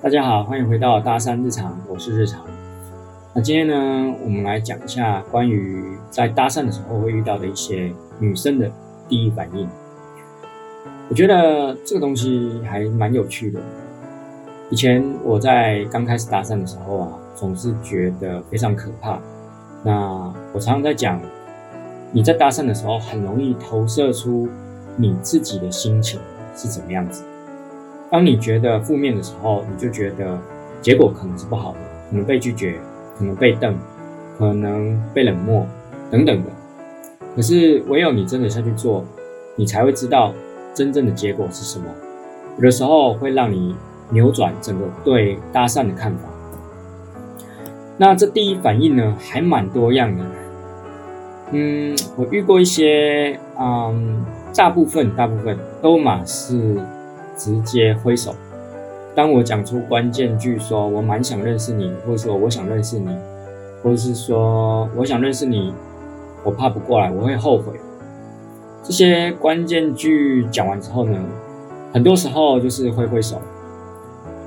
大家好，歡迎回到搭訕日常，我是日常。那今天呢，我們來講一下關於在搭訕的時候會遇到的一些女生的第一反應。我覺得這個東西還蠻有趣的。以前我在剛開始搭訕的時候啊，總是覺得非常可怕。那我常常在講，你在搭訕的時候很容易投射出你自己的心情是怎麼樣子。當你覺得負面的時候，你就覺得結果可能是不好的，可能被拒絕，可能被瞪，可能被冷漠等等的。可是唯有你真的下去做，你才會知道真正的結果是什麼。有的時候會讓你。扭轉整個對搭訕的看法。那這第一反應呢，還蠻多樣的。嗯，我遇過一些，嗯，大部分大部分都嘛是直接揮手。當我講出關鍵句說，說我蠻想認識你，或者說我想認識你，或者是說我想認識你，我怕不過來，我會後悔。這些關鍵句講完之後呢，很多時候就是揮揮手。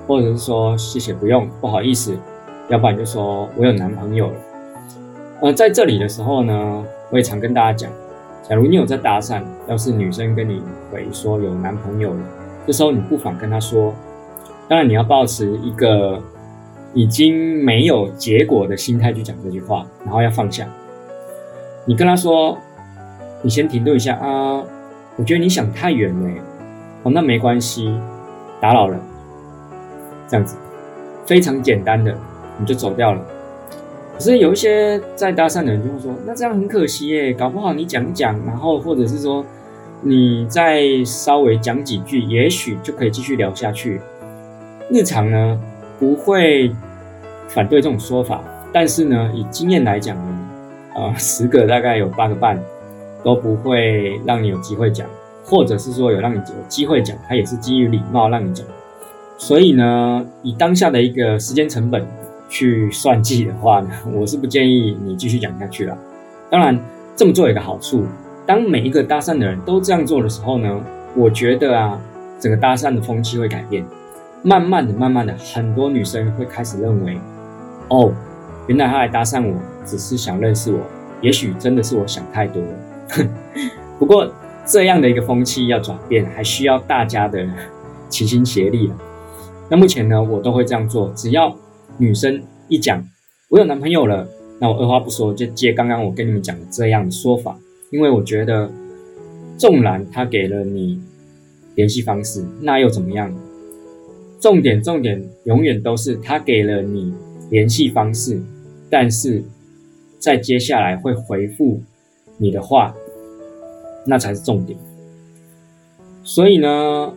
或者是說，謝謝不用，不好意思，要不然就說我有男朋友了。呃，在這裡的時候呢，我也常跟大家講，假如你有在搭訕，要是女生跟你回說有男朋友了，這時候你不妨跟她說，當然你要抱持一個已經沒有結果的心態去講這句話，然後要放下。你跟她說，你先停頓一下啊，我覺得你想太遠了。欸，哦，那沒關係，打擾了。這樣子非常簡單的，你就走掉了。可是有一些在搭訕的人就會說：“那這樣很可惜耶，欸，搞不好你講一講，然後或者是說你再稍微講幾句，也許就可以繼續聊下去。”日常呢，不會反對這種說法，但是呢，以經驗來講呢，啊、呃，十個大概有八個半都不會讓你有機會講，或者是說有讓你有機會講，他也是基於禮貌讓你講。所以呢，以當下的一個時間成本去算計的話呢，我是不建議你繼續講下去了啊。當然，這麼做有個好處，當每一個搭訕的人都這樣做的時候呢，我覺得啊，整個搭訕的風氣會改變。慢慢的、慢慢的，很多女生會開始認為，哦，原來她來搭訕我只是想認識我，也許真的是我想太多了。 不過，這樣的一個風氣要轉變，還需要大家的齊心協力啊。那目前呢，我都會這樣做。只要女生一講我有男朋友了，那我二話不說就接剛剛我跟你們講的這樣的說法，因為我覺得，縱然他給了你聯繫方式，那又怎麼樣？重點重點永遠都是他給了你聯繫方式，但是在接下來會回復你的話，那才是重點。所以呢，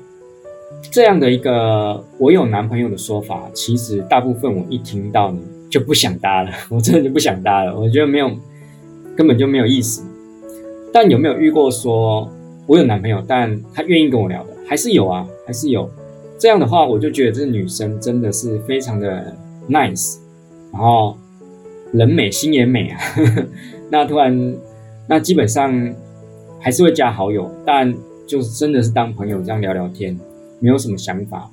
這樣的一個“我有男朋友”的說法，其實大部分我一聽到你就不想搭了，我真的就不想搭了，我覺得沒有，根本就沒有意思。但有沒有遇過說“我有男朋友”，但他願意跟我聊的，還是有啊，還是有。這樣的話，我就覺得這女生真的是非常的 nice，然後人美心也美啊。 那突然，那基本上還是會加好友，但就真的是當朋友這樣聊聊天。沒有什麼想法，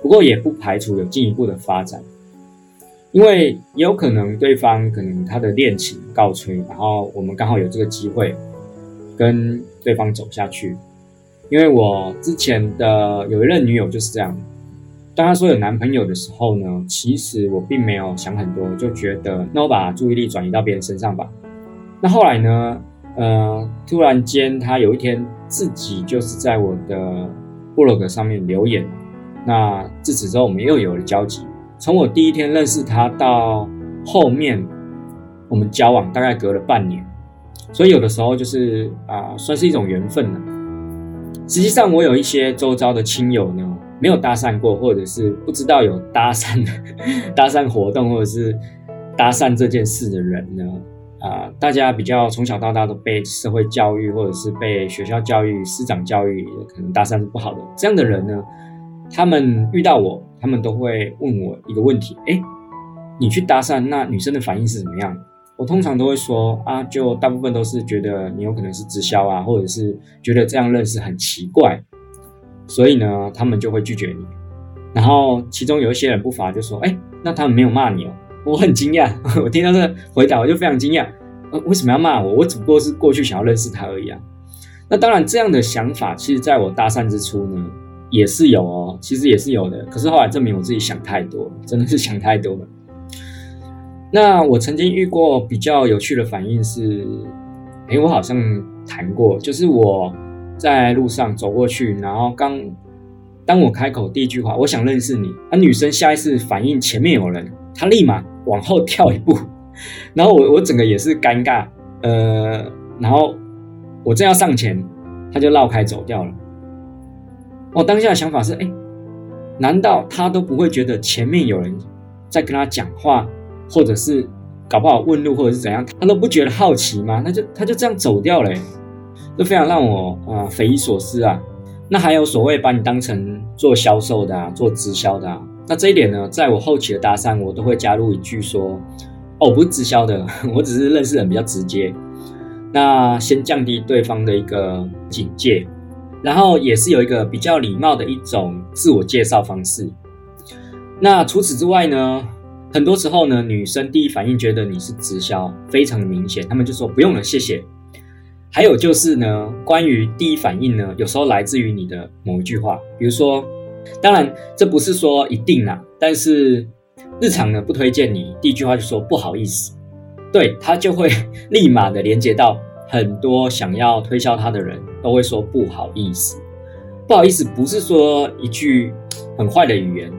不過也不排除有進一步的發展，因為也有可能對方可能他的戀情告吹，然後我們剛好有這個機會跟對方走下去。因為我之前的有一任女友就是這樣，當她說有男朋友的時候呢，其實我並沒有想很多，就覺得那我把注意力轉移到別人身上吧。那後來呢，呃，突然間她有一天自己就是在我的。部落格上面留言，那自此之後我們又有了交集。從我第一天認識他到後面我們交往，大概隔了半年，所以有的時候就是啊、呃，算是一種緣分了。實際上，我有一些周遭的親友呢，沒有搭訕過，或者是不知道有搭訕的搭訕活動，或者是搭訕這件事的人呢。啊、呃，大家比較從小到大都被社會教育，或者是被學校教育、師長教育，可能搭訕是不好的。這樣的人呢，他們遇到我，他們都會問我一個問題，哎、欸，你去搭訕，那女生的反應是怎麼樣？我通常都會說，啊，就大部分都是覺得你有可能是直銷啊，或者是覺得這樣認識很奇怪，所以呢，他們就會拒絕你。然後，其中有一些人不乏就說，哎、欸，那他們沒有罵你哦。我很驚訝，我聽到這回答我就非常驚訝，啊，為什麼要罵我？我只不過是過去想要認識他而已啊。那當然，這樣的想法其實在我搭訕之初呢，也是有哦，其實也是有的。可是後來證明我自己想太多，真的是想太多了。那我曾經遇過比較有趣的反應是，誒、欸，我好像談過，就是我在路上走過去，然後剛當我開口第一句話，我想認識你，那、啊、女生下意識反應前面有人，她立馬。往後跳一步，然後我我整個也是尷尬，呃，然後我正要上前，他就繞開走掉了。我、哦、當下的想法是，哎，難道他都不會覺得前面有人在跟他講話，或者是搞不好問路或者是怎樣，他都不覺得好奇嗎？他就他就這樣走掉了，都非常讓我啊、呃、匪夷所思啊。那還有所謂把你當成做銷售的啊，做直銷的啊。那這一點呢，在我後期的搭訕，我都會加入一句說：“哦，不是直銷的，我只是認識人比較直接。”那先降低對方的一個警戒，然後也是有一個比較禮貌的一種自我介紹方式。那除此之外呢，很多時候呢，女生第一反應覺得你是直銷，非常的明顯，她們就說：“不用了，謝謝。”還有就是呢，關於第一反應呢，有時候來自於你的某一句話，比如說，當然，這不是說一定啦，但是日常呢，不推薦你第一句話就說不好意思，對他就會立馬的連接到很多想要推銷他的人都會說不好意思，不好意思不是說一句很壞的語言，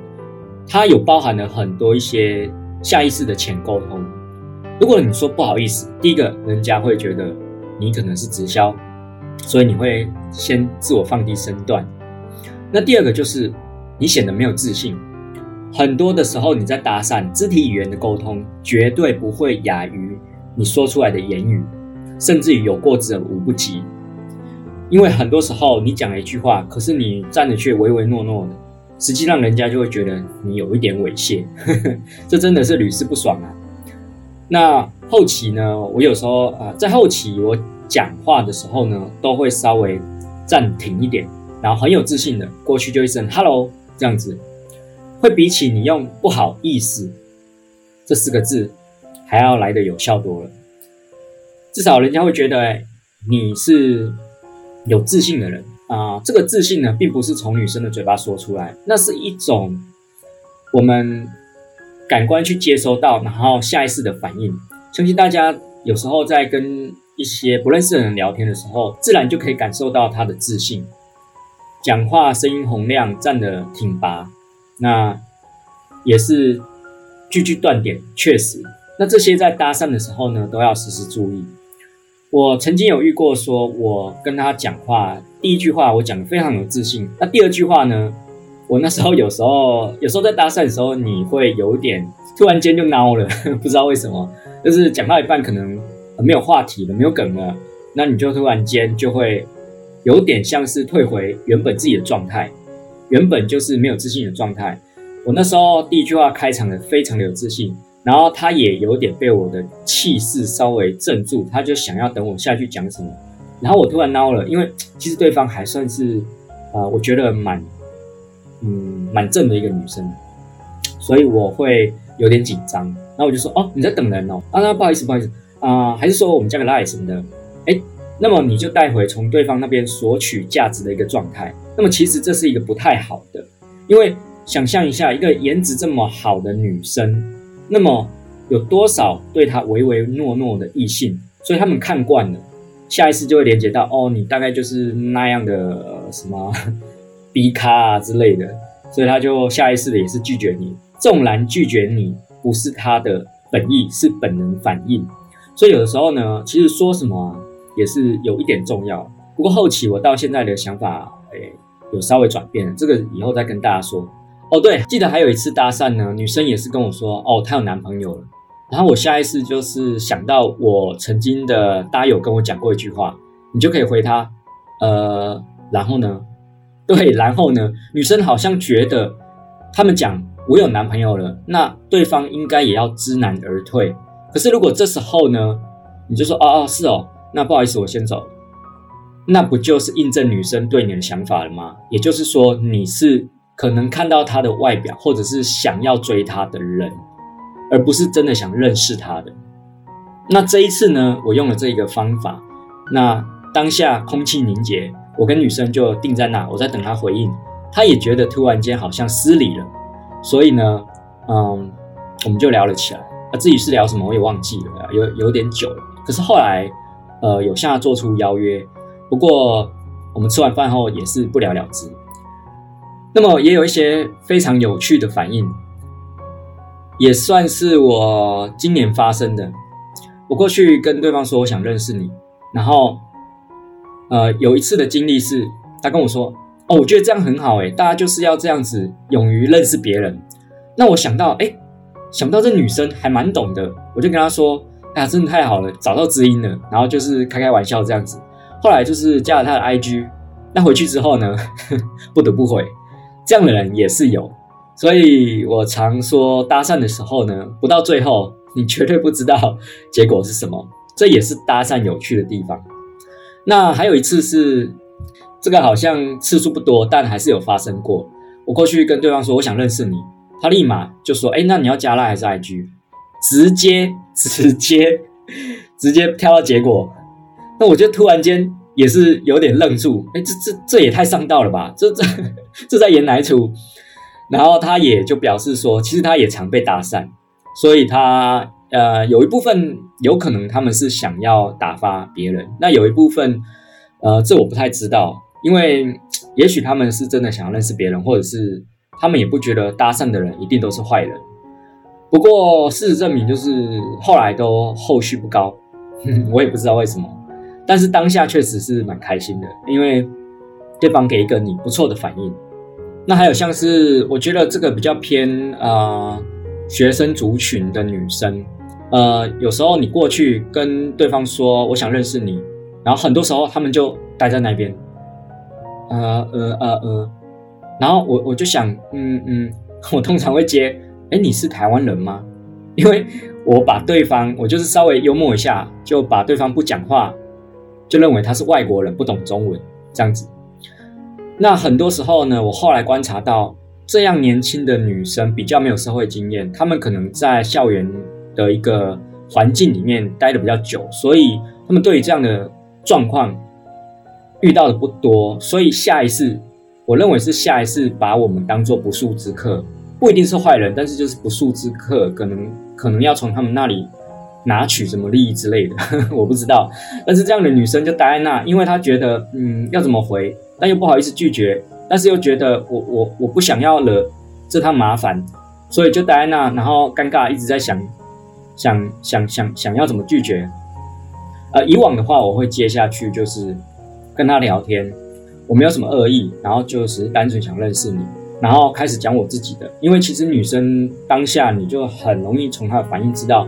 它有包含了很多一些下意識的潛溝通。如果你說不好意思，第一個人家會覺得你可能是直銷，所以你會先自我放低身段。那第二個就是，你顯得沒有自信。很多的時候，你在搭訕，肢體語言的溝通絕對不會亞於你說出來的言語，甚至於有過之而無不及。因為很多時候，你講了一句話，可是你站得卻唯唯諾諾的，實際上人家就會覺得你有一點猥褻， 這真的是屢試不爽啊。那後期呢，我有時候啊、呃，在後期我講話的時候呢，都會稍微暫停一點。然後很有自信的過去，就一聲 “hello” 這樣子，會比起你用「不好意思」這四個字，還要來的有效多了。至少人家會覺得你是有自信的人啊、呃。這個自信呢，並不是從女生的嘴巴說出來，那是一種我們感官去接收到，然後下意識的反應。相信大家有時候在跟一些不認識的人聊天的時候，自然就可以感受到他的自信。講話聲音洪亮，站得挺拔，那也是句句斷點，確實。那這些在搭訕的時候呢，都要時時注意。我曾經有遇過，說我跟他講話，第一句話我講得非常有自信，那第二句話呢，我那時候有時候，有時候在搭訕的時候，你會有點突然間就孬了，呵呵，不知道為什麼，就是講到一半可能沒有話題了，沒有梗了，那你就突然間就會。有點像是退回原本自己的狀態，原本就是沒有自信的狀態。我那時候第一句話開場的非常的有自信，然後她也有點被我的氣勢稍微鎮住，她就想要等我下去講什麼。然後我突然孬了，因為其實對方還算是，啊、呃，我覺得蠻，嗯，蠻正的一個女生，所以我會有點緊張。那我就說，哦，你在等人哦，啊，那不好意思，不好意思，啊、呃，還是說我們加個 line 什麼的，欸那麼你就帶回從對方那邊索取價值的一個狀態。那麼其實這是一個不太好的，因為想象一下，一個顏值這麼好的女生，那麼有多少對她唯唯諾諾的異性？所以他們看慣了，下意識就會連接到哦，你大概就是那樣的、呃、什麼 B 咖啊之類的。所以他就下意識的也是拒絕你。縱然拒絕你不是他的本意，是本能反應。所以有的時候呢，其實說什麼啊？也是有一點重要，不過後期我到現在的想法，誒、欸，有稍微轉變，這個以後再跟大家說。哦，對，記得還有一次搭訕呢，女生也是跟我說，哦，她有男朋友了。然後我下意識就是想到我曾經的搭友跟我講過一句話，你就可以回她，呃，然後呢？對，然後呢？女生好像覺得他們講我有男朋友了，那對方應該也要知難而退。可是如果這時候呢，你就說，哦哦，是哦。那不好意思，我先走。那不就是印證女生對你的想法了嗎？也就是說，你是可能看到她的外表，或者是想要追她的人，而不是真的想認識她的。那這一次呢，我用了這一個方法。那當下空氣凝結，我跟女生就定在那，我在等她回應。她也覺得突然間好像失禮了，所以呢，嗯，我們就聊了起來。啊，至於是聊什麼，我也忘記了，有有點久了。可是後來。呃，有下做出邀約，不過我們吃完飯後也是不了了之。那麼也有一些非常有趣的反應，也算是我今年發生的。我過去跟對方說我想認識你，然後呃，有一次的經歷是，他跟我說哦，我覺得這樣很好欸，大家就是要這樣子勇於認識別人。那我想到欸，想到這女生還蠻懂的，我就跟她說。哎、啊、呀，真的太好了，找到知音了。然後就是開開玩笑這樣子，後來就是加了他的 IG。那回去之後呢，不得不回。這樣的人也是有，所以我常說搭訕的時候呢，不到最後你絕對不知道結果是什麼，這也是搭訕有趣的地方。那還有一次是，這個好像次數不多，但還是有發生過。我過去跟對方說我想認識你，他立馬就說：哎，那你要加賴還是 IG？直接直接直接跳到結果，那我覺得突然間也是有點愣住，哎，這這這也太上道了吧？這這這在演哪出？然後他也就表示說，其實他也常被搭訕，所以他呃有一部分有可能他們是想要打發別人。那有一部分呃這我不太知道，因為也許他們是真的想要認識別人，或者是他們也不覺得搭訕的人一定都是壞人。不過事實證明，就是後來都後續不高，我也不知道為什麼。但是當下確實是蠻開心的，因為對方給一個你不錯的反應。那還有像是，我覺得這個比較偏啊、呃、學生族群的女生，呃，有時候你過去跟對方說我想認識你，然後很多時候他們就待在那邊，呃呃呃呃，然後我我就想，嗯嗯，我通常會接。哎，你是台灣人嗎？因為我把對方，我就是稍微幽默一下，就把對方不講話，就認為他是外國人，不懂中文這樣子。那很多時候呢，我後來觀察到，這樣年輕的女生比較沒有社會經驗，她們可能在校園的一個環境裡面待得比較久，所以她們對於這樣的狀況遇到的不多，所以下一次，我認為是下一次把我們當做不速之客。不一定是壞人，但是就是不速之客，可能可能要從他們那裡拿取什麼利益之類的，呵呵，我不知道。但是這樣的女生就待在那，因為她覺得嗯要怎麼回，但又不好意思拒絕，但是又覺得我我我不想要惹這趟麻煩，所以就待在那，然後尷尬一直在想想想想想要怎麼拒絕。呃，以往的話我會接下去就是跟她聊天，我沒有什麼惡意，然後就是單純想認識你。然後開始講我自己的，因為其實女生當下你就很容易從她的反應知道，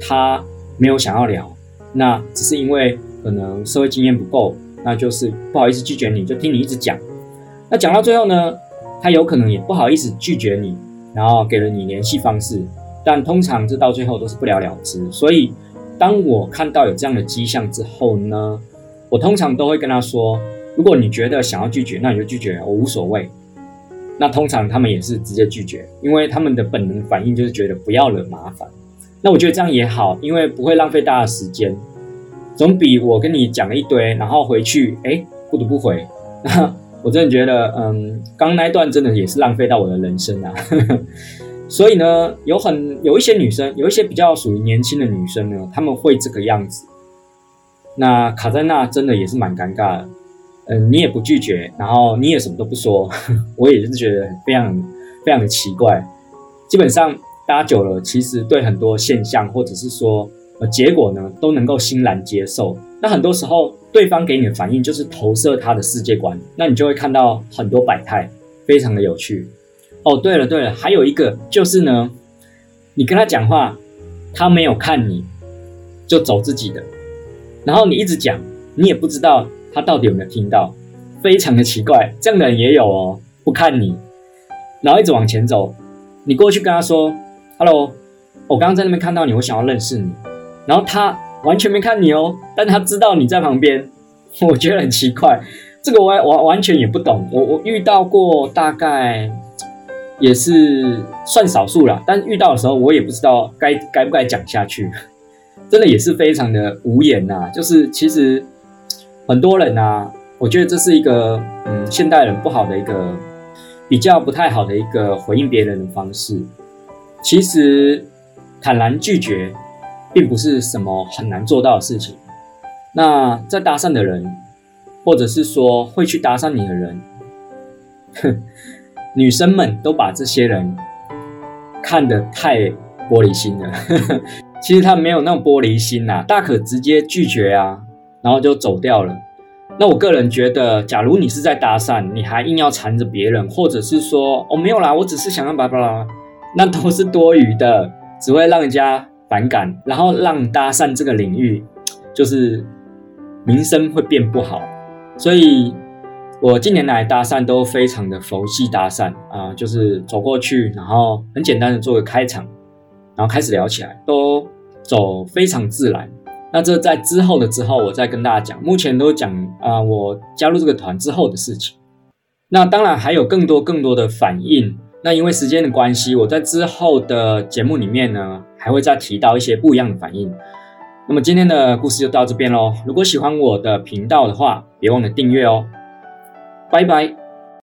她沒有想要聊，那只是因為可能社會經驗不夠，那就是不好意思拒絕你，就聽你一直講。那講到最後呢，她有可能也不好意思拒絕你，然後給了你聯繫方式，但通常這到最後都是不了了之。所以當我看到有這樣的跡象之後呢，我通常都會跟她說，如果你覺得想要拒絕，那你就拒絕，我無所謂。那通常他們也是直接拒絕，因為他們的本能反應就是覺得不要惹麻煩。那我覺得這樣也好，因為不會浪費大家時間，總比我跟你講了一堆，然後回去哎，不讀不回。那我真的覺得，嗯，剛，剛那一段真的也是浪費到我的人生啊。 所以呢，有很有一些女生，有一些比較屬於年輕的女生呢，他們會這個樣子，那卡在那真的也是蠻尷尬的。嗯，你也不拒絕，然後你也什麼都不說， 我也是覺得非常非常的奇怪。基本上搭久了，其實對很多現象或者是說呃結果呢，都能夠欣然接受。那很多時候對方給你的反應就是投射他的世界觀，那你就會看到很多百態，非常的有趣。哦，對了對了，還有一個就是呢，你跟他講話，他沒有看你，就走自己的，然後你一直講，你也不知道。他到底有沒有聽到？非常的奇怪，這樣的人也有哦。不看你，然後一直往前走。你過去跟他說：“Hello，我剛剛在那邊看到你，我想要認識你。”然後他完全沒看你哦，但他知道你在旁邊。我覺得很奇怪，這個我我完全也不懂。我我遇到過，大概也是算少數了。但遇到的時候，我也不知道該該，該不該講下去，真的也是非常的無言吶。就是其實。很多人啊，我覺得這是一個，嗯，現代人不好的一個，比較不太好的一個回應別人的方式。其實，坦然拒絕，並不是什麼很難做到的事情。那在搭訕的人，或者是說會去搭訕你的人，哼，女生們都把這些人看得太玻璃心了。呵呵，其實他沒有那麼玻璃心吶，啊，大可直接拒絕啊。然後就走掉了。那我個人覺得，假如你是在搭訕，你還硬要纏着別人，或者是說，哦沒有啦，我只是想讓巴拉巴拉，那都是多餘的，只會讓人家反感，然後讓搭訕這個領域，就是名聲會變不好。所以，我近年來搭訕都非常的佛系搭訕啊、呃，就是走過去，然後很簡單的做個開場，然後開始聊起來，都走非常自然。那這在之後的之後，我再跟大家講。目前都講啊、呃，我加入這個團之後的事情。那當然還有更多更多的反應。那因為時間的關係，我在之後的節目裡面呢，還會再提到一些不一樣的反應。那麼今天的故事就到這邊嘍。如果喜歡我的頻道的話，別忘了訂閱哦。拜拜。